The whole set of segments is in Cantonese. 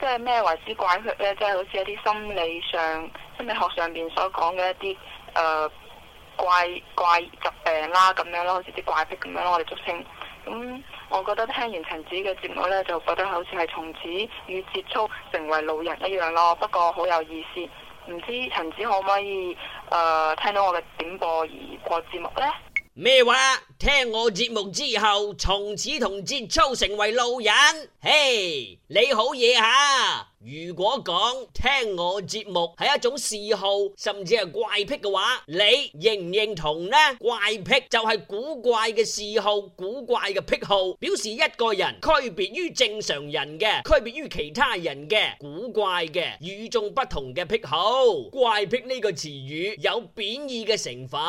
即係咩為之怪癖呢？即係好似一啲心理上，心理學上面所講嘅一啲誒、呃、怪怪疾病啦，啊，咁樣咯，好似啲怪癖咁樣咯，我哋俗稱。咁、嗯、我覺得聽完陳子嘅節目呢，就覺得好似係從此與節操成為路人一樣咯。不過好有意思，唔知陳子可唔可以誒、呃、聽到我嘅點播而播節目呢？咩話？聽我節目之後，從此同節操成為路人。嘿，hey, 你好嘢吓！如果講聽我節目係一種嗜好，甚至係怪癖嘅話，你認唔認同呢？怪癖就係古怪嘅嗜好，古怪嘅癖好，表示一個人區別於正常人嘅，區別於其他人嘅古怪嘅與眾不同嘅癖好。怪癖呢個詞語有貶義嘅成分。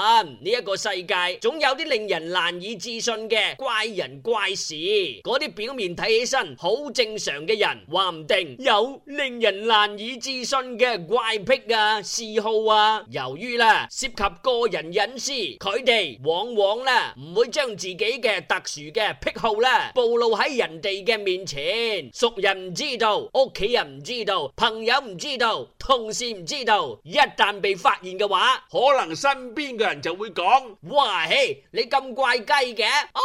呢一個世界總有啲令人難以置信嘅怪人怪事，嗰啲表面睇起身好正常嘅人，話唔定有，令人難以置信嘅怪癖啊，嗜好啊，由於啦涉及個人隱私，佢哋往往啦唔會將自己嘅特殊嘅癖好啦暴露喺人哋嘅面前，熟人唔知道，屋企人唔知道，朋友唔知道。同事唔知道，一旦被發現嘅話，可能身邊嘅人就會講：哇嘿，你咁怪雞嘅，哦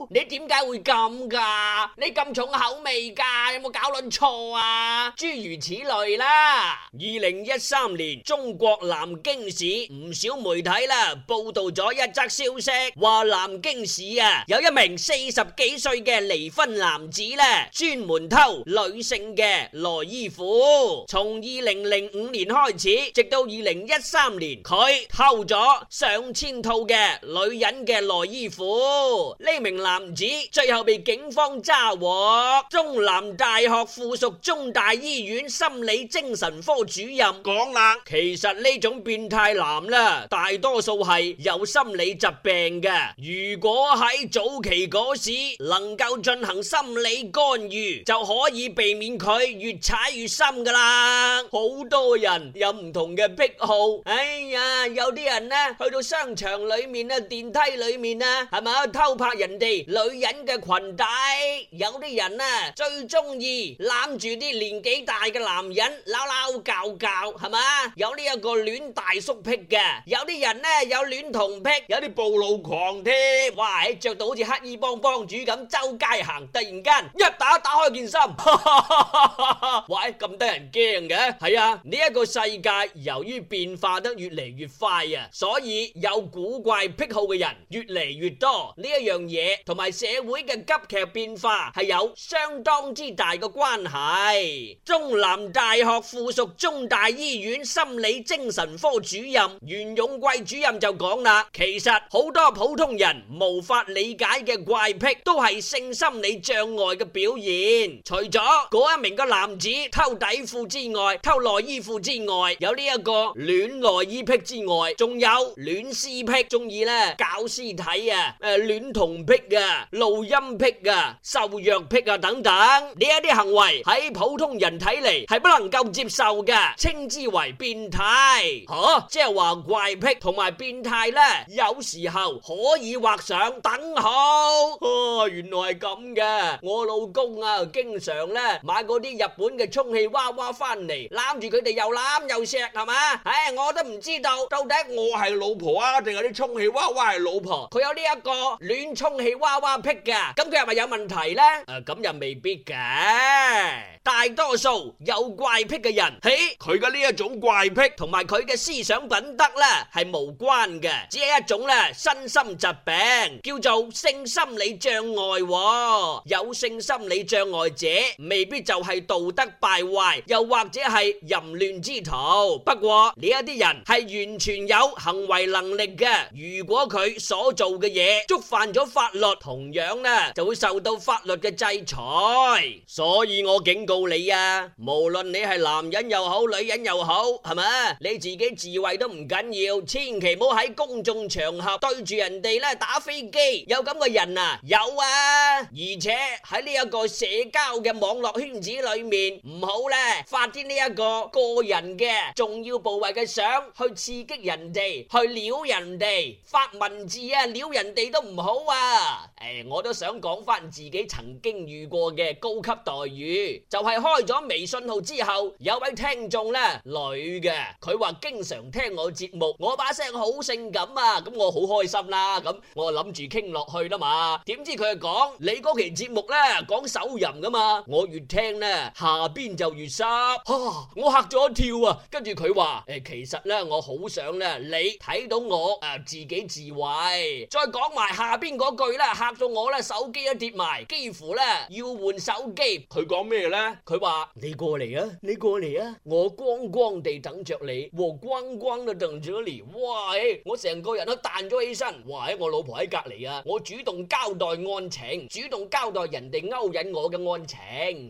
impossible！你點解會咁噶？你咁重口味噶？有冇搞撚錯啊？諸如此類啦。二零一三年，中國南京市唔少媒體啦報道咗一則消息，話南京市啊有一名四十幾歲嘅離婚男子咧，專門偷女性嘅內衣褲。從二零零五年開始，直到二零一三年，佢偷咗上千套嘅女人嘅內衣褲。呢名男子最後被警方抓獲。中南大學附屬中大醫院心理精神科主任講啦，其實呢種變態男啦，大多數係有心理疾病嘅。如果喺早期嗰時能夠進行心理干預，就可以避免佢越踩越深。噶啦，好多人有唔同嘅癖好。哎呀，有啲人呢去到商場裏面啊，電梯裏面啊，係咪偷拍人哋女人嘅裙底？有啲人呢最中意攬住啲年紀大嘅男人撈撈搞搞，係咪？有呢一個戀大叔癖嘅，有啲人呢有戀童癖，有啲暴露狂添。哇，着到好似乞衣幫幫主咁，周街行，突然間一打打開件衫，喂咁。有人驚嘅係啊，呢一個世界由於變化得越嚟越快啊，所以有古怪癖好嘅人越嚟越多。呢一樣嘢同埋社會嘅急劇變化係有相當之大嘅關係。中南大學附屬中大醫院心理精神科主任袁勇貴主任就講啦，其實好多普通人無法理解嘅怪癖都係性心理障礙嘅表現。除咗嗰一名嘅男子偷帶。底褲之外，偷內衣褲之外，有呢一個戀內衣癖之外，仲有戀屍癖，中意咧搞屍體啊，誒戀童癖啊，露陰癖啊，受虐癖啊等等，呢一啲行為喺普通人睇嚟係不能夠接受嘅，稱之為變態，吓，即係話怪癖同埋變態咧，有時候可以畫上等號。哦，原來係咁嘅，我老公啊，經常咧買嗰啲日本嘅充氣娃。娃娃翻嚟攬住佢哋又攬又錫係嘛？唉，我都唔知道到底我係老婆啊，定係啲充氣娃娃係老婆？佢有呢一個戀充氣娃娃癖嘅，咁佢係咪有問題呢？誒，咁又未必嘅。大多數有怪癖嘅人，嘿，佢嘅呢一種怪癖同埋佢嘅思想品德呢係無關嘅，只係一種咧身心疾病，叫做性心理障礙。有性心理障礙者未必就係道德敗壞。又或者係淫亂之徒，不過呢一啲人係完全有行為能力嘅。如果佢所做嘅嘢觸犯咗法律，同樣呢就會受到法律嘅制裁。所以我警告你啊，無論你係男人又好，女人又好，係咪你自己自慰都唔緊要，千祈唔好喺公眾場合對住人哋咧打飛機。有咁嘅人啊，有啊，而且喺呢一個社交嘅網絡圈子裏面唔好啦。發啲呢一個個人嘅重要部位嘅相去刺激人哋，去撩人哋發文字啊，撩人哋都唔好啊誒、哎、我都想講翻自己曾經遇過嘅高級待遇就係、是、開咗微信號之後，有位聽眾呢，女嘅佢話經常聽我節目，我把聲好性感啊，咁我好開心啦、啊、咁我諗住傾落去啦嘛，點知佢係講你嗰期節目呢？講手淫噶嘛，我越聽呢，下邊就越。吓！我嚇咗一跳啊！跟住佢話，誒，其實咧我好想咧，你睇到我誒自己自慰。再講埋下邊嗰句咧，嚇到我咧，手機一跌埋，幾乎咧要換手機。佢講咩咧？佢話你過嚟啊！你過嚟啊！我光光地等着你，和光光地等着你。喂！我成個人都彈咗起身。喂！我老婆喺隔籬啊！我主動交代案情，主動交代人哋勾引我嘅案情，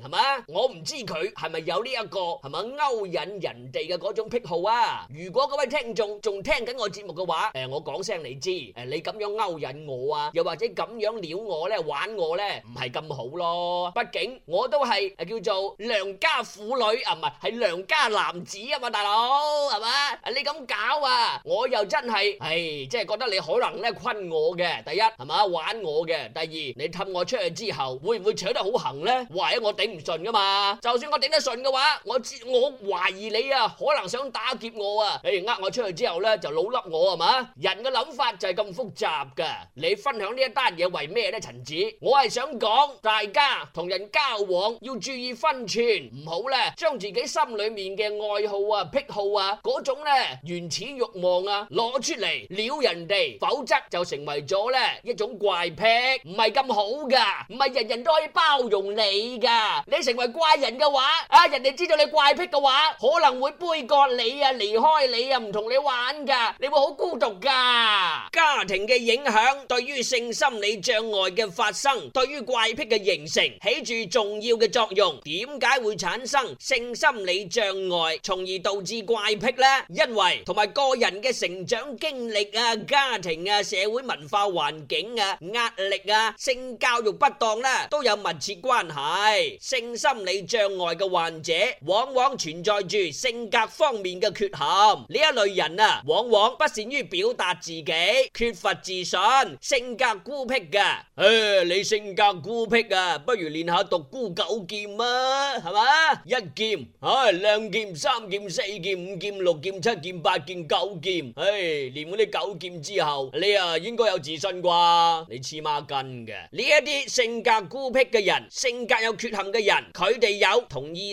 係咪啊？我唔知佢係咪。有呢一個係咪勾引人哋嘅嗰種癖好啊？如果嗰位聽眾仲聽緊我節目嘅話，誒，我講聲你知，誒，你咁樣勾引我啊，又或者咁樣撩我咧、玩我咧，唔係咁好咯。畢竟我都係誒叫做良家婦女啊，唔係係良家男子啊嘛，大佬係嘛？你咁搞啊，我又真係，誒，即係覺得你可能咧昆我嘅，第一係嘛玩我嘅，第二你氹我出去之後會唔會扯得好行咧？或者我頂唔順噶嘛，就算我頂得順。嘅話，我知我懷疑你啊，可能想打劫我啊！你呃我出去之後呢，就老笠我係嘛？人嘅諗法就係咁複雜噶。你分享呢一單嘢為咩呢，陳子？我係想講，大家同人交往要注意分寸，唔好呢將自己心裏面嘅愛好啊、癖好啊嗰種呢原始欲望啊攞出嚟撩人哋，否則就成為咗呢一種怪癖，唔係咁好噶，唔係人人都可以包容你噶。你成為怪人嘅話，啊！人哋知道你怪癖嘅話，可能會杯葛你啊，離開你啊，唔同你玩噶，你會好孤獨噶。家庭嘅影響對於性心理障礙嘅發生，對於怪癖嘅形成起住重要嘅作用。點解會產生性心理障礙，從而導致怪癖咧？因為同埋個人嘅成長經歷啊、家庭啊、社會文化環境啊、壓力啊、性教育不當啦，都有密切關係。性心理障礙嘅話。者往往存在住性格方面嘅缺陷，呢一類人啊，往往不善於表達自己，缺乏自信，性格孤僻嘅。誒，你性格孤僻啊，不如練下獨孤九劍啊，係嘛？一劍，誒，兩劍，三劍，四劍，五劍，六劍，七劍，八劍，九劍。誒，練完啲九劍之後，你啊應該有自信啩？你黐孖筋嘅呢一啲性格孤僻嘅人，性格有缺陷嘅人，佢哋有同意。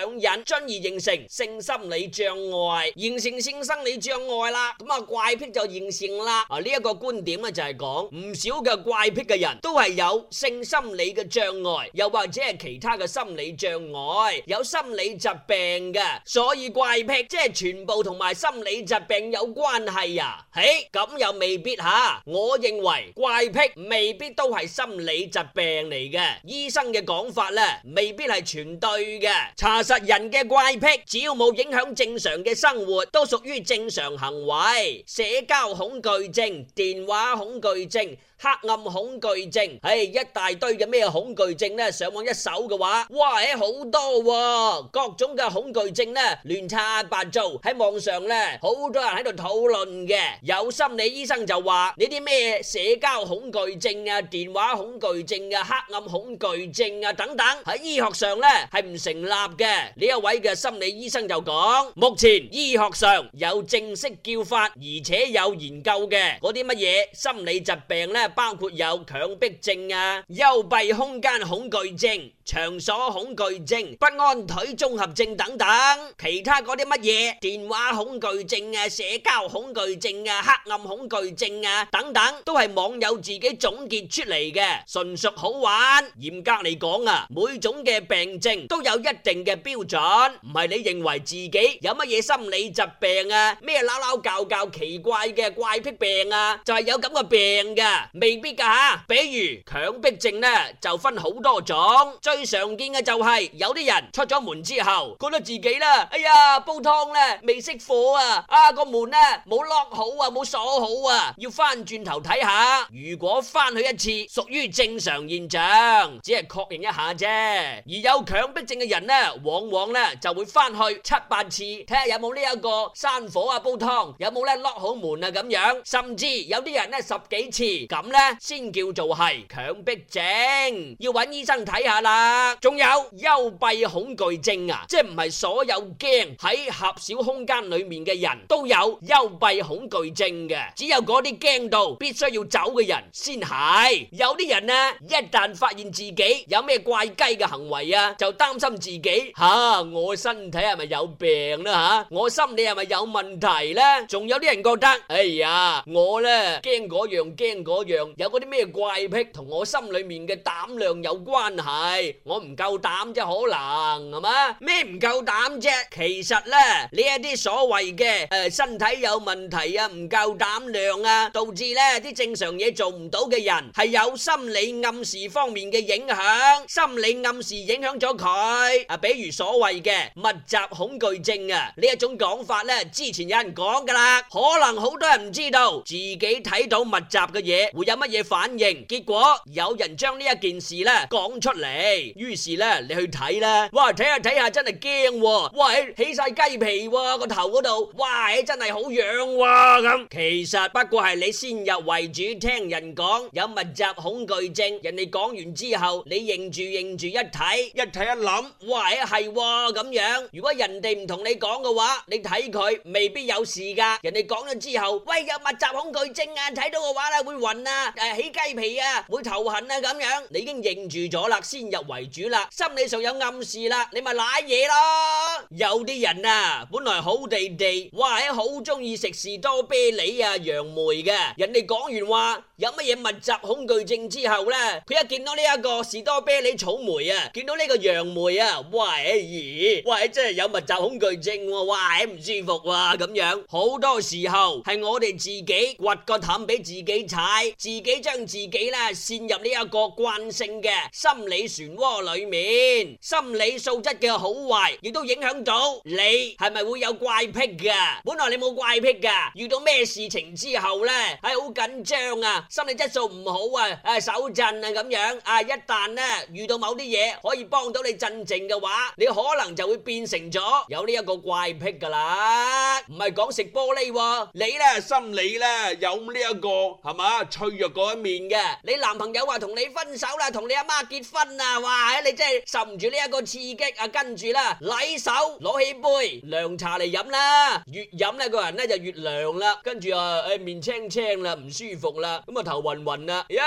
上癮進而形成性心理障礙，形成性心理障礙啦，咁啊怪癖就形成啦。啊呢一個觀點啊就係講唔少嘅怪癖嘅人都係有性心理嘅障礙，又或者係其他嘅心理障礙，有心理疾病嘅，所以怪癖即係全部同埋心理疾病有關係呀？嘿，咁又未必吓，我認為怪癖未必都係心理疾病嚟嘅，醫生嘅講法咧未必係全對嘅，查。人嘅怪癖，只要冇影響正常嘅生活，都屬於正常行為。社交恐懼症、電話恐懼症。黑暗恐懼症，誒，一大堆嘅咩恐懼症咧，上網一搜嘅話，哇，好多，各種嘅恐懼症咧，亂七八糟喺網上咧，好多人喺度討論嘅。有心理醫生就話呢啲咩社交恐懼症啊、電話恐懼症啊、黑暗恐懼症啊等等，喺醫學上咧係唔成立嘅。呢一位嘅心理醫生就講，目前醫學上有正式叫法，而且有研究嘅嗰啲乜嘢心理疾病咧。包括有強迫症啊、幽閉空間恐懼症、場所恐懼症、不安腿綜合症等等，其他嗰啲乜嘢電話恐懼症啊、社交恐懼症啊、黑暗恐懼症啊等等，都係網友自己總結出嚟嘅，純屬好玩。嚴格嚟講啊，每種嘅病症都有一定嘅標準，唔係你認為自己有乜嘢心理疾病啊，咩撈撈教教奇怪嘅怪癖病啊，就係有咁個病噶，未必噶吓。比如強迫症呢，就分好多種。常見嘅就係有啲人出咗門之後，覺得自己呢，哎呀煲湯呢，未熄火啊，啊個門咧冇落好啊，冇鎖好啊，要翻轉頭睇下。如果翻去一次，屬於正常現象，只係確認一下啫。而有強迫症嘅人呢，往往呢就會翻去七八次，睇下有冇呢一個生火啊煲湯，有冇呢落好門啊咁樣，甚至有啲人呢，十幾次咁呢，先叫做係強迫症，要揾醫生睇下啦。仲有幽閉恐懼症啊！即係唔係所有驚喺狹小空間裏面嘅人都有幽閉恐懼症嘅，只有嗰啲驚到必須要走嘅人先係。有啲人呢、啊，一旦發現自己有咩怪雞嘅行為啊，就擔心自己吓、啊、我身體係咪有病啦、啊、吓，我心理係咪有問題呢、啊？」仲有啲人覺得，哎呀，我呢驚嗰樣驚嗰樣，有嗰啲咩怪癖同我心裏面嘅膽量有關係。我唔夠膽啫，可能係嘛？咩唔夠膽啫？其實咧，呢一啲所謂嘅誒身體有問題啊，唔夠膽量啊，導致咧啲正常嘢做唔到嘅人，係有心理暗示方面嘅影響。心理暗示影響咗佢啊，比如所謂嘅密集恐懼症啊。呢一種講法咧，之前有人講噶啦，可能好多人唔知道自己睇到密集嘅嘢會有乜嘢反應。結果有人將呢一件事咧講出嚟。於是咧，你去睇啦。哇，睇下睇下真係驚喎，哇，起晒雞皮個頭嗰度，哇，真係好癢哇咁。其實不過係你先入為主，聽人講有密集恐懼症，人哋講完之後，你認住認住一睇一睇一諗，哇，係咁樣。如果人哋唔同你講嘅話，你睇佢未必有事噶。人哋講咗之後，喂，有密集恐懼症啊，睇到嘅話啦，會暈啊，誒，起雞皮啊，會頭痕啊咁樣。你已經認住咗啦，先入。為主啦，心理上有暗示啦，你咪瀨嘢咯。有啲人啊，本來好地地，哇，好中意食士多啤梨啊、楊梅嘅。人哋講完話有乜嘢密集恐懼症之後呢，佢一見到呢一個士多啤梨、草莓啊，見到呢個楊梅啊，喂，咦，喂，真係有密集恐懼症，哇，唔舒服哇，咁樣。好多時候係我哋自己掘個氹俾自己踩，自己將自己呢陷入呢一個慣性嘅心理漩渦窩裏面，心理素質嘅好壞亦都影響到你係咪會有怪癖噶？本來你冇怪癖噶，遇到咩事情之後呢，係好緊張啊，心理質素唔好啊，誒手震啊咁樣啊，一旦呢遇到某啲嘢可以幫到你鎮靜嘅話，你可能就會變成咗有呢一個怪癖噶啦。唔係講食玻璃，你呢心理呢有呢一個係嘛脆弱嗰一面嘅。你男朋友話同你分手啦，同你阿媽結婚啊。哇！你真係受唔住呢一個刺激啊！跟住啦，攞手攞起杯涼茶嚟飲啦，越飲咧個人咧就越涼啦，跟住啊誒面青青啦，唔舒服啦，咁啊頭暈暈啦。呀！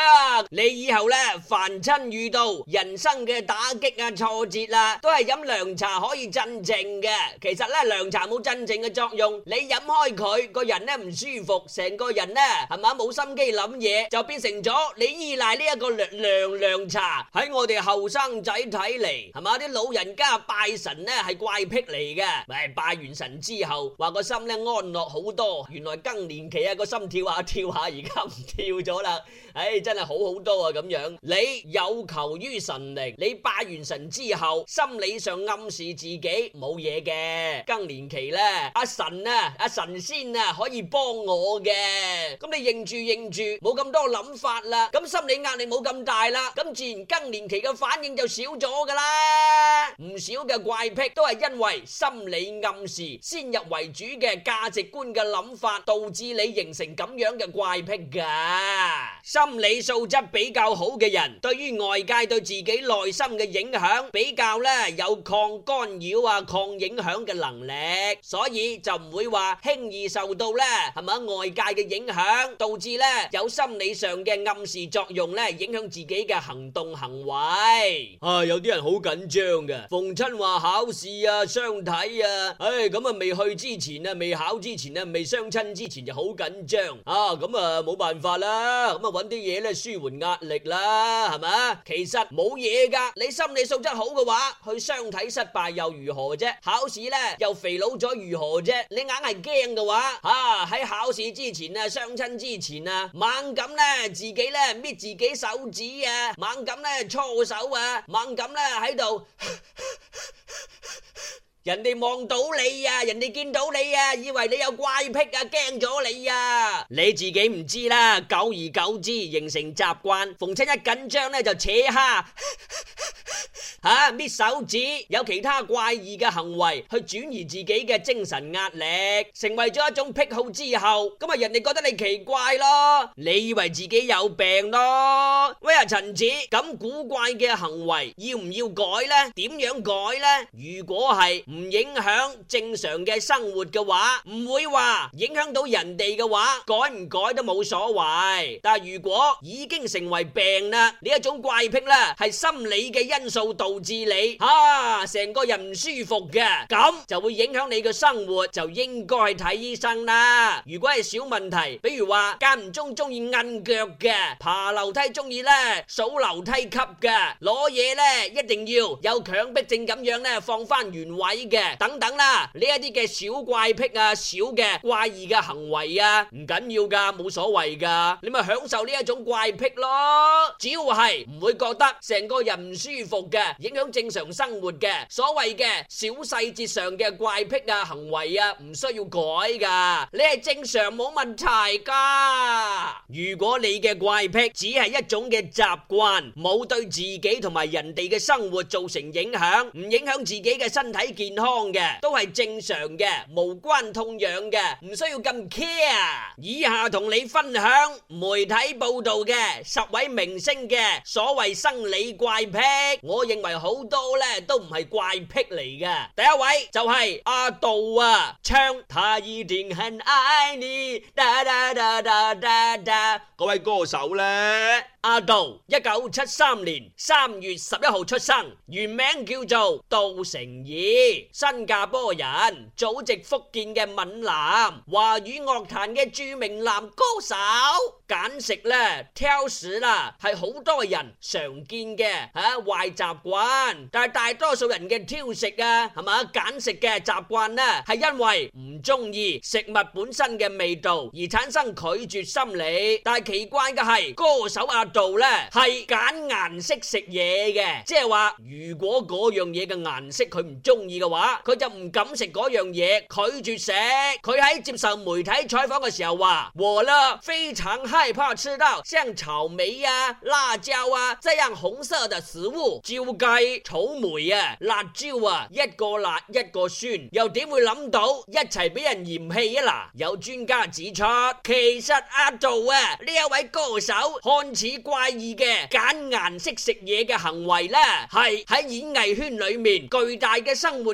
你以後咧凡親遇到人生嘅打擊啊挫折啦，都係飲涼茶可以鎮靜嘅。其實咧涼茶冇鎮靜嘅作用，你飲開佢個人咧唔舒服，成個人咧係咪啊冇心機諗嘢，就變成咗你依賴呢一個涼涼涼茶喺我哋後生生仔睇嚟，係嘛啲老人家拜神咧係怪癖嚟嘅，咪拜完神之後，話個心咧安樂好多，原來更年期啊個心跳下跳下，而家唔跳咗啦，唉真係好好多啊咁樣。你有求於神靈，你拜完神之後，心理上暗示自己冇嘢嘅更年期咧，阿神啊阿神仙啊可以幫我嘅，咁你認住認住，冇咁多諗法啦，咁心理壓力冇咁大啦，咁自然更年期嘅反應就少咗噶啦，唔少嘅怪癖都係因為心理暗示、先入為主嘅價值觀嘅諗法，導致你形成咁樣嘅怪癖噶。心理素質比較好嘅人，對於外界對自己內心嘅影響比較咧有抗干擾啊、抗影響嘅能力，所以就唔會話輕易受到咧係咪啊外界嘅影響，導致咧有心理上嘅暗示作用，咧影響自己嘅行動行為。啊，有啲人好緊張嘅，逢親話考試啊、相睇啊，唉，咁啊未去之前啊、未考之前啊、未相親之前就好緊張啊，咁啊冇辦法啦，咁啊搵啲嘢咧舒緩壓力啦，係咪？其實冇嘢噶，你心理素質好嘅話，去相睇失敗又如何啫？考試咧又肥佬咗如何啫？你硬係驚嘅話，啊喺考試之前啊、相親之前啊，猛咁咧自己咧搣自己手指啊，猛咁咧搓手。猛咁啦喺度。啊 人哋望到你啊，人哋見到你啊，以為你有怪癖啊，驚咗你啊！你自己唔知啦，久而久之形成習慣，逢親一緊張咧就扯蝦，搣 手指，有其他怪異嘅行為去轉移自己嘅精神壓力，成為咗一種癖好之後，咁啊人哋覺得你奇怪咯，你以為自己有病咯。喂啊，陳子，咁古怪嘅行為要唔要改呢？點樣改呢？如果係唔影響正常嘅生活嘅話，唔會話影響到人哋嘅話，改唔改都冇所謂。但係如果已經成為病啦，呢一種怪癖啦，係心理嘅因素導致你吓、啊、成個人唔舒服嘅，咁就會影響你嘅生活，就應該去睇醫生啦。如果係小問題，比如話間唔中中意摁腳嘅，爬樓梯中意咧數樓梯級嘅，攞嘢咧一定要有強迫症咁樣咧放翻原位。嘅等等啦，呢一啲嘅小怪癖啊，小嘅怪異嘅行為啊，唔緊要噶，冇所謂噶，你咪享受呢一種怪癖咯。只要係唔會覺得成個人唔舒服嘅，影響正常生活嘅，所謂嘅小細節上嘅怪癖啊，行為啊，唔需要改噶，你係正常冇問題噶。如果你嘅怪癖只係一種嘅習慣，冇對自己同埋人哋嘅生活造成影響，唔影響自己嘅身體健康。健康嘅都係正常嘅，無關痛癢嘅，唔需要咁 care。以下同你分享媒體報道嘅十位明星嘅所謂生理怪癖，我認為好多呢都唔係怪癖嚟㗎。第一位就係阿杜啊，唱他一定很愛你。噠噠噠噠噠噠。 各位歌手呢，阿杜，一九七三年三月十一號出生，原名叫做杜成義。新加坡人，祖籍福建嘅閩南。華語樂壇嘅著名男歌手。揀食呢，挑食啦，係好多人常見嘅吓壞習慣，但係大多數人嘅挑食啊，係嘛，揀食嘅習慣呢，係因為唔中意食物本身嘅味道而產生拒絕心理，但係奇怪嘅係歌手阿杜呢，係揀顏色食嘢嘅，即係話如果嗰樣嘢嘅顏色佢唔中意。嘅話佢就唔敢食樣嘢，拒絕食。佢喺接受媒體採訪嘅時候話：我啦非常害怕吃到像草莓啊、辣椒啊這樣紅色的食物。照計草莓啊、辣椒啊，一個辣一個酸，又點會諗到一齊俾人嫌棄啊？嗱，有專家指出，其實阿杜啊呢一位歌手看似怪異嘅揀顏色食嘢嘅行為咧，係喺演藝圈裏面巨大嘅生活。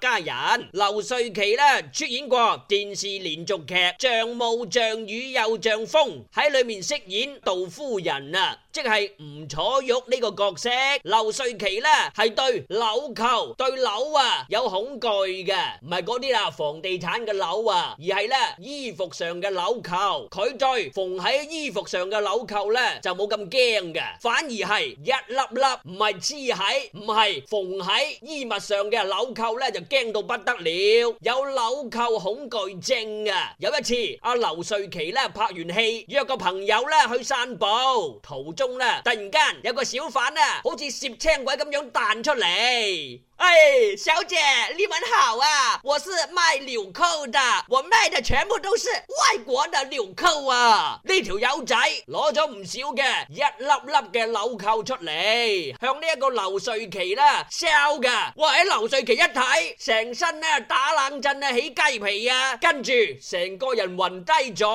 家人劉瑞琪呢，出演過電視連續劇《像霧像雨又像風》，喺裏面飾演杜夫人啊。即係吳楚玉呢個角色，劉瑞琪呢係對紐扣、對鈕啊有恐懼嘅，唔係嗰啲啊房地產嘅鈕啊，而係呢衣服上嘅紐扣，佢對縫喺衣服上嘅紐扣呢就冇咁驚嘅，反而係一粒粒唔係黐喺，唔係縫喺衣物上嘅紐扣呢就驚到不得了，有紐扣恐懼症啊！有一次阿劉瑞琪呢拍完戲，約個朋友呢去散步，途中。中啦！突然間有個小販啊，好似攝青鬼咁樣彈出嚟。哎，小姐，你們好啊，我是賣紐扣的，我賣的全部都是外國的紐扣啊。呢條友仔攞咗唔少嘅一粒粒嘅紐扣出嚟，向劉呢一個劉瑞琪啦 sell 噶。哇，喺、欸、劉瑞琪一睇，成身咧、啊、打冷震啊，起雞皮啊，跟住成個人暈低咗。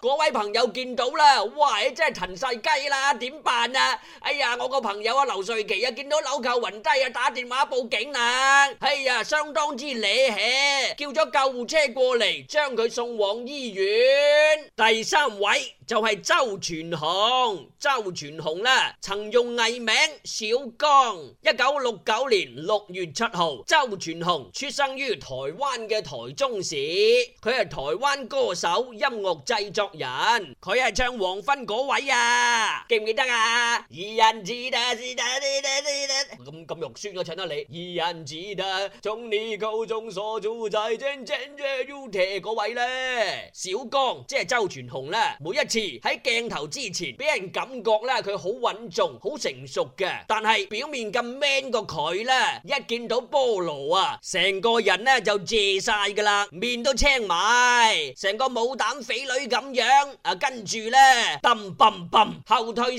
嗰位朋友見到啦，哇，欸、真係騰晒雞啦！點辦啊！哎呀，我個朋友啊，劉瑞琪啊，見到鈕扣暈低啊，打電話報警啦！哎呀，相當之離氣，叫咗救護車過嚟將佢送往醫院。第三位就係周傳雄，周傳雄啦，曾用藝名小剛，一九六九年六月七號，周傳雄出生於台灣嘅台中市，佢係台灣歌手、音樂製作人，佢係唱黃昏嗰位啊，記唔？記得啊，二人記得記得記得記得咁咁肉酸，我唱多你二人記得，從你口中說出再見，再見，要謝嗰位咧，小剛即係周傳雄啦。每一次喺鏡頭之前，俾人感覺咧佢好穩重，好成熟嘅，但係表面咁 man 個佢咧，一見到菠蘿啊，成個人咧就謝晒噶啦，面都青埋，成個冇膽匪女咁樣啊，跟住咧，噔噔噔後退。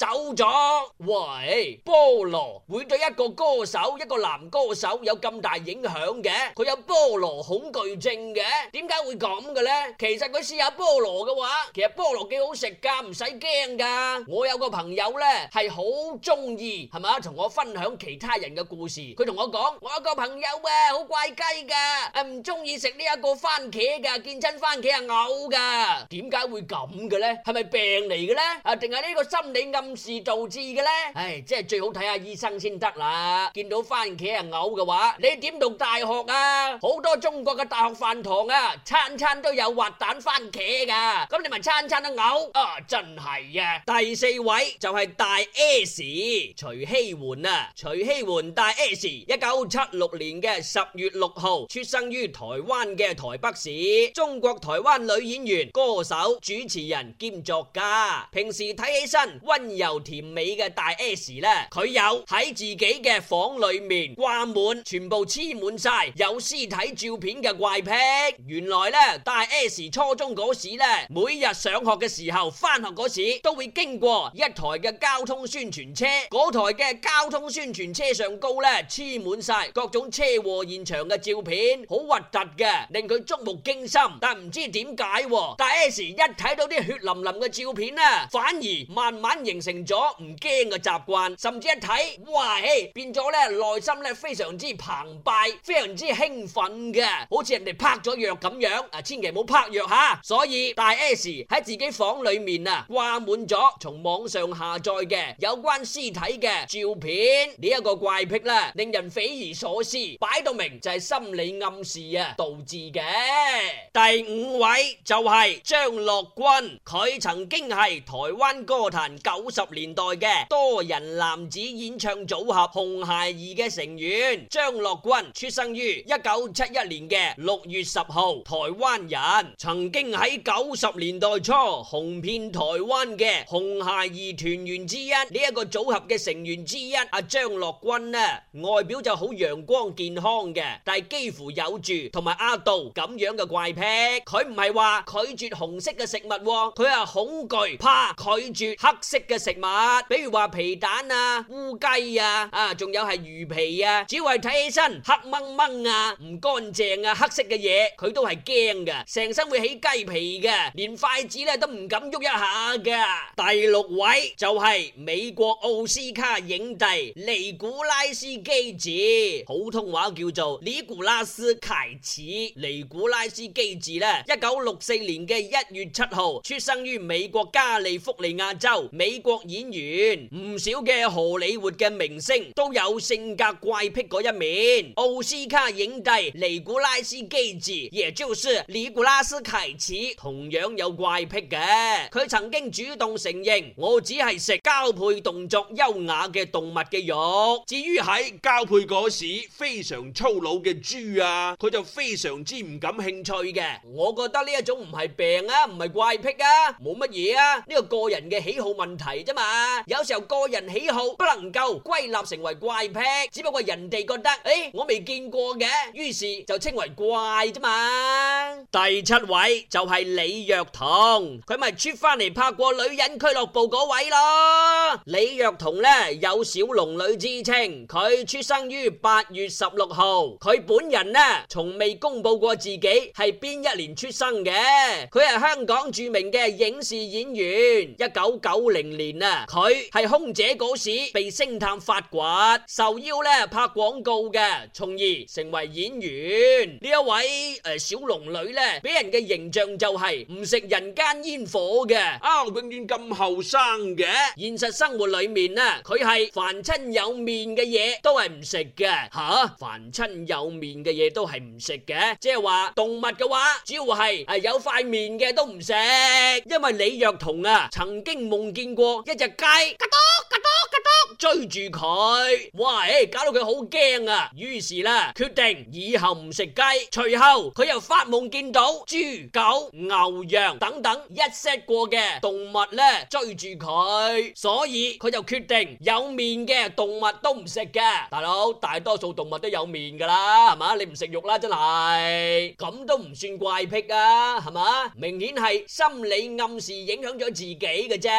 走咗，喂，菠蘿會對一個歌手，一個男歌手有咁大影響嘅？佢有菠蘿恐懼症嘅？點解會咁嘅咧？其實佢試下菠蘿嘅話，其實菠蘿幾好食噶，唔使驚噶。我有個朋友咧係好中意，係咪？同我分享其他人嘅故事，佢同我講，我有個朋友啊，好怪雞噶，係唔中意食呢一個番茄噶，見親番茄係嘔噶。點解會咁嘅咧？係咪病嚟嘅咧？啊，定係呢個心理暗？事導致嘅呢，唉、哎，即係最好睇下醫生先得啦。見到番茄啊嘔嘅話，你點讀大學啊？好多中國嘅大學飯堂啊，餐餐都有滑蛋番茄噶，咁你咪餐餐都嘔啊！真係啊！第四位就係大 S 徐熙媛啊，徐熙媛大 S，一九七六年嘅十月六號出生於台灣嘅台北市，中國台灣女演員、歌手、主持人兼作家。平時睇起身溫。又甜美嘅大 S 咧，佢有喺自己嘅房裏面掛滿全部黐滿晒有屍體照片嘅怪癖。原來咧，大 S 初中嗰時咧，每日上學嘅時候，翻學嗰時都會經過一台嘅交通宣傳車。嗰台嘅交通宣傳車上高咧黐滿晒各種車禍現場嘅照片，好核突嘅，令佢觸目驚心。但唔知點解，大 S 一睇到啲血淋淋嘅照片咧，反而慢慢形成。成咗唔驚嘅習慣，甚至一睇哇，變咗咧內心咧非常之澎湃，非常之興奮嘅，好似人哋拍咗藥咁樣啊！千祈唔好拍藥吓。所以大 S 喺自己房裏面啊掛滿咗從網上下載嘅有關屍體嘅照片，呢一個怪癖咧令人匪夷所思，擺到明就係心理暗示啊導致嘅。第五位就係張樂君，佢曾經係台灣歌壇九。九十年代嘅多人男子演唱組合紅孩兒嘅成員張樂君，出生於一九七一年嘅六月十號，台灣人，曾經喺九十年代初紅遍台灣嘅紅孩兒團員之一，呢一個組合嘅成員之一阿張樂君咧，外表就好陽光健康嘅，但係幾乎有住同埋阿杜咁樣嘅怪癖，佢唔係話拒絕紅色嘅食物，佢係恐懼怕拒絕黑色嘅食物，比如話皮蛋啊、烏雞啊，啊，仲有係魚皮啊，只要係睇起身黑掹掹啊、唔乾淨啊、黑色嘅嘢，佢都係驚嘅，成身會起雞皮嘅，連筷子咧都唔敢喐一下嘅。第六位就係美國奧斯卡影帝尼古拉斯基治，普通話叫做尼古拉斯凱奇。尼古拉斯基治咧，一九六四年嘅一月七號出生於美國加利福尼亞州美國國演員唔少嘅荷里活嘅明星都有性格怪癖嗰一面。奧斯卡影帝尼古拉斯基治，也就是尼古拉斯凱奇，同樣有怪癖嘅。佢曾經主動承認，我只係食交配動作優雅嘅動物嘅肉。至於喺交配嗰時非常粗魯嘅豬啊，佢就非常之唔感興趣嘅。我覺得呢一種唔係病啊，唔係怪癖啊，冇乜嘢啊，呢個個人嘅喜好問題。啫嘛，有時候個人喜好不能夠歸納成為怪癖，只不過人哋覺得，誒，我未見過嘅，於是就稱為怪啫嘛。第七位就係李若彤，佢咪出翻嚟拍過《女人俱樂部》嗰位咯。李若彤呢有小龍女之稱，佢出生於八月十六號，佢本人呢從未公布過自己係邊一年出生嘅。佢係香港著名嘅影視演員，一九九零年。佢係空姐嗰時被星探發掘，受邀咧拍廣告嘅，從而成為演員。呢一位誒小龍女咧，俾人嘅形象就係唔食人間煙火嘅，啊永遠咁後生嘅。現實生活裏面啊，佢係凡親有面嘅嘢都係唔食嘅，吓凡親有面嘅嘢都係唔食嘅，即係話動物嘅話，只要係誒有塊面嘅都唔食，因為李若彤啊曾經夢見過，一隻雞，嘎多嘎多嘎多，追住佢，哇！哎，搞到佢好驚啊！於是啦，決定以後唔食雞。隨後佢又發夢見到豬、狗、牛、羊等等一 set 過嘅動物咧追住佢，所以佢就決定有面嘅動物都唔食嘅。大佬，大多數動物都有面噶啦，係嘛？你唔食肉啦，真係咁都唔算怪癖啊，係嘛？明顯係心理暗示影響咗自己嘅啫。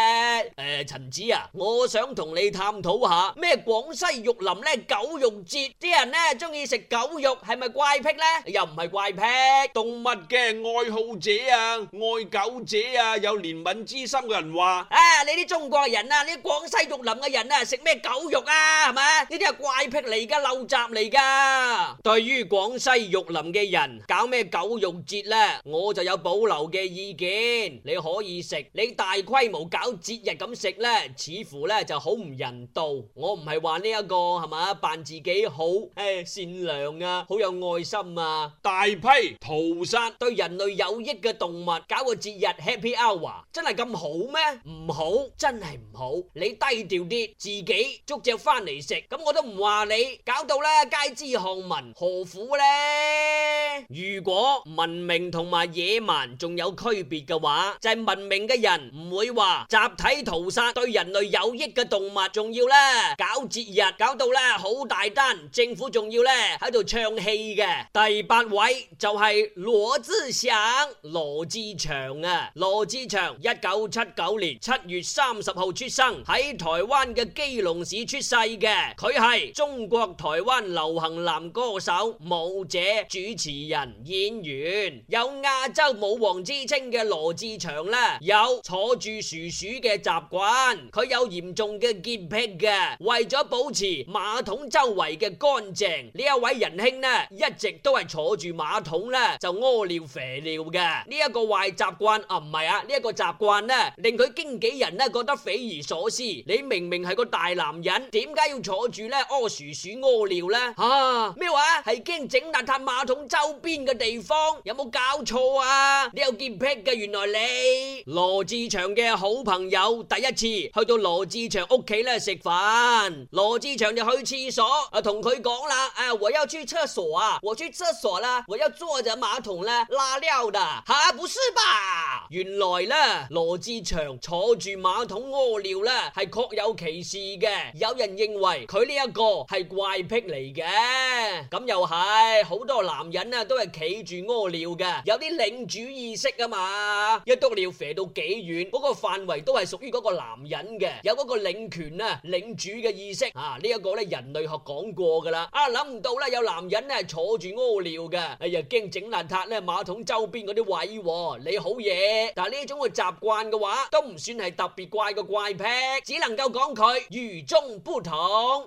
誒陳子啊，我想同你探討下咩廣西玉林呢狗肉節，啲人呢中意食狗肉係咪怪癖呢？又唔係怪癖，動物嘅愛好者啊，愛狗者啊，有憐憫之心嘅人話：啊，你啲中國人啊，你廣西玉林嘅人啊，食咩狗肉啊？係咪？呢啲係怪癖嚟噶，陋習嚟噶。對於廣西玉林嘅人搞咩狗肉節呢，我就有保留嘅意見。你可以食，你大規模搞節日咁。食咧，似乎咧就好唔人道。我唔係話呢一個係嘛扮自己好誒善良啊，好有愛心啊。大批屠殺對人類有益嘅動物，搞個節日 Happy Hour，真係咁好咩？唔好，真係唔好。你低調啲，自己捉隻返嚟食，咁我都唔話你。搞到咧，街知巷聞何苦咧？如果文明同埋野蠻仲有區別嘅話，就係文明嘅人唔會話集體屠。對人類有益嘅動物，仲要咧搞節日搞到咧好大單，政府仲要咧喺度唱戲嘅。第八位就係羅志祥、羅志祥啊，羅志祥一九七九年七月三十號出生喺台灣嘅基隆市出世嘅，佢係中國台灣流行男歌手、舞者、主持人、演員，有亞洲舞王之稱嘅羅志祥啦，有坐住薯鼠嘅集。佢有嚴重嘅潔癖噶，為咗保持馬桶周圍嘅乾淨，呢一位仁兄呢一直都係坐住馬桶呢就屙尿肥、肥尿嘅。呢一個壞習慣啊，唔係啊，呢、這、一個習慣呢令佢經紀人呢覺得匪夷所思。你明明係個大男人，點解要坐住呢屙薯屎、屙、哦、尿呢？吓、啊、咩話？係驚整邋遢馬桶周邊嘅地方？有冇搞錯啊？你有潔癖噶，原來你羅志祥嘅好朋友一次去到羅志祥屋企咧食飯，羅志祥就去廁所啊，同佢講啦，啊，我要去廁所啊，我去廁所啦，我要坐住馬桶咧拉尿的。吓，不是吧？原來咧，羅志祥坐住馬桶屙尿咧，係確有其事嘅。有人認為佢呢一個係怪癖嚟嘅，咁又係好多男人啊都係企住屙尿嘅，有啲領主意識啊嘛，一篤尿射到幾遠，嗰個範圍都係屬於嗰個。男人嘅有嗰個領權啊，領主嘅意識啊，呢、這、一個咧人類學講過噶啦。啊，諗唔到咧有男人咧係坐住屙尿嘅，哎呀驚整邋遢咧，馬桶周邊嗰啲位、哦。你好嘢，但係呢種嘅習慣嘅話，都唔算係特別怪嘅怪癖，只能夠講佢與眾不同。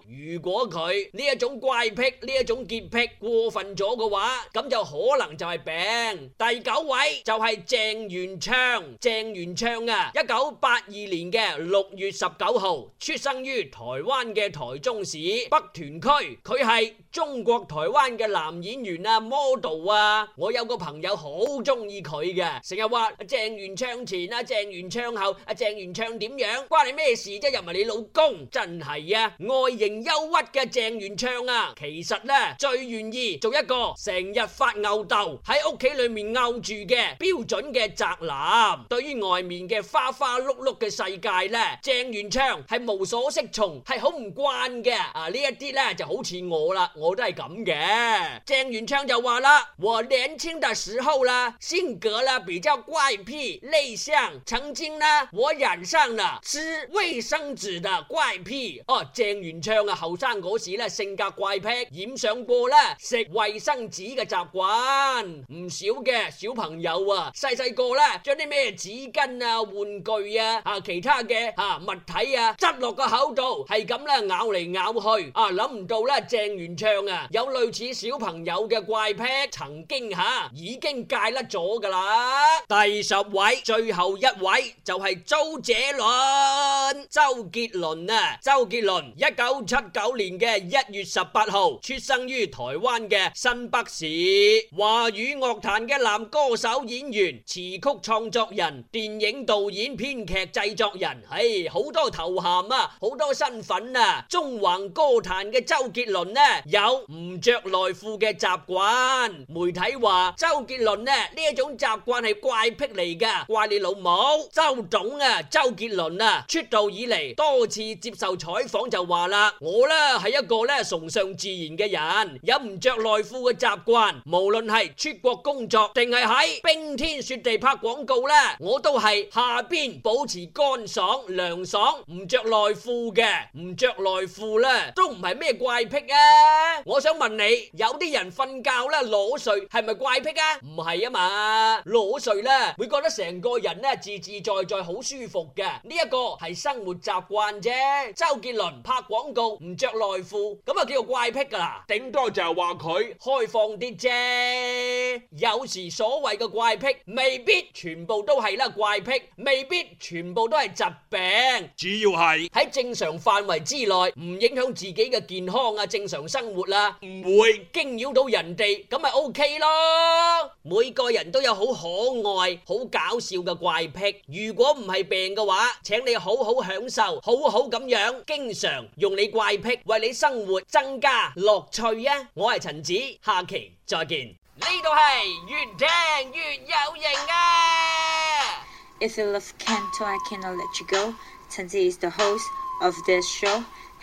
如果佢呢一種怪癖呢一種潔癖過分咗嘅話，咁就可能就係病。第九位就係鄭元暢，鄭元暢啊，一九八二年。嘅六月十九號出生於台灣嘅台中市北屯區，佢係，中國台灣嘅男演員啊，model 啊，我有個朋友好中意佢嘅，成日話鄭元暢前啊，鄭元暢後啊，鄭元暢點樣，關你咩事啫？又唔係你老公，真係啊！外形憂鬱嘅鄭元暢啊，其實呢，最願意做一個成日發吽逗喺屋企裏面漚住嘅標準嘅宅男。對於外面嘅花花碌碌嘅世界呢，鄭元暢係無所適從，係好唔慣嘅。啊，呢一啲呢，就好似我啦。我都係咁嘅，鄭元暢就話啦，我年輕的時候咧，性格咧比較怪癖、內向，曾經呢，我染上了吃衛生紙的怪癖。哦，鄭元暢啊，後生嗰時咧性格怪癖，染上過咧食衛生紙嘅習慣，唔少嘅小朋友啊，細細個咧將啲咩紙巾啊、玩具啊、啊其他嘅啊物體啊，執落個口度，係咁咧咬嚟咬去，啊諗唔到咧鄭元暢。有類似小朋友嘅怪癖，曾經吓已經戒甩咗噶啦。第十位，最後一位就係周杰倫。周杰倫啊，周杰倫，一九七九年嘅一月十八號出生於台灣嘅新北市，華語樂壇嘅男歌手、演員、詞曲創作人、電影導演、編劇、製作人，唉，好多頭銜啊，好多身份啊。中橫歌壇嘅周杰倫呢，有唔着內褲嘅習慣，媒體話周杰倫呢呢一種習慣係怪癖嚟㗎，怪你老母。周董啊，周杰倫啊，出道以嚟多次接受採訪就話啦，我呢，係一個呢崇尚自然嘅人，有唔着內褲嘅習慣。無論係出國工作定係喺冰天雪地拍廣告呢，我都係下邊保持乾爽涼爽，唔着內褲嘅，唔着內褲呢，都唔係咩怪癖啊。我想問你，有啲人瞓覺咧裸睡係咪怪癖啊？唔係啊嘛，裸睡咧會覺得成個人咧自自在在好舒服嘅，呢一個係生活習慣啫。周杰倫拍廣告唔着內褲，咁啊叫做怪癖噶啦，頂多就係話佢開放啲啫。有時所謂嘅怪癖未必全部都係啦，怪癖未必全部都係疾病，主要係喺正常範圍之內，唔影響自己嘅健康啊，正常生活。活啦，唔會驚擾到人哋，咁咪 OK 咯。每個人都有好可愛、好搞笑嘅怪癖，如果唔係病嘅話，請你好好享受，好好咁樣，經常用你怪癖為你生活增加樂趣啊！我係陳子，下期再見。呢度係越聽越有型啊！If you love can't I cannot let you go。陳子 is the host of this show。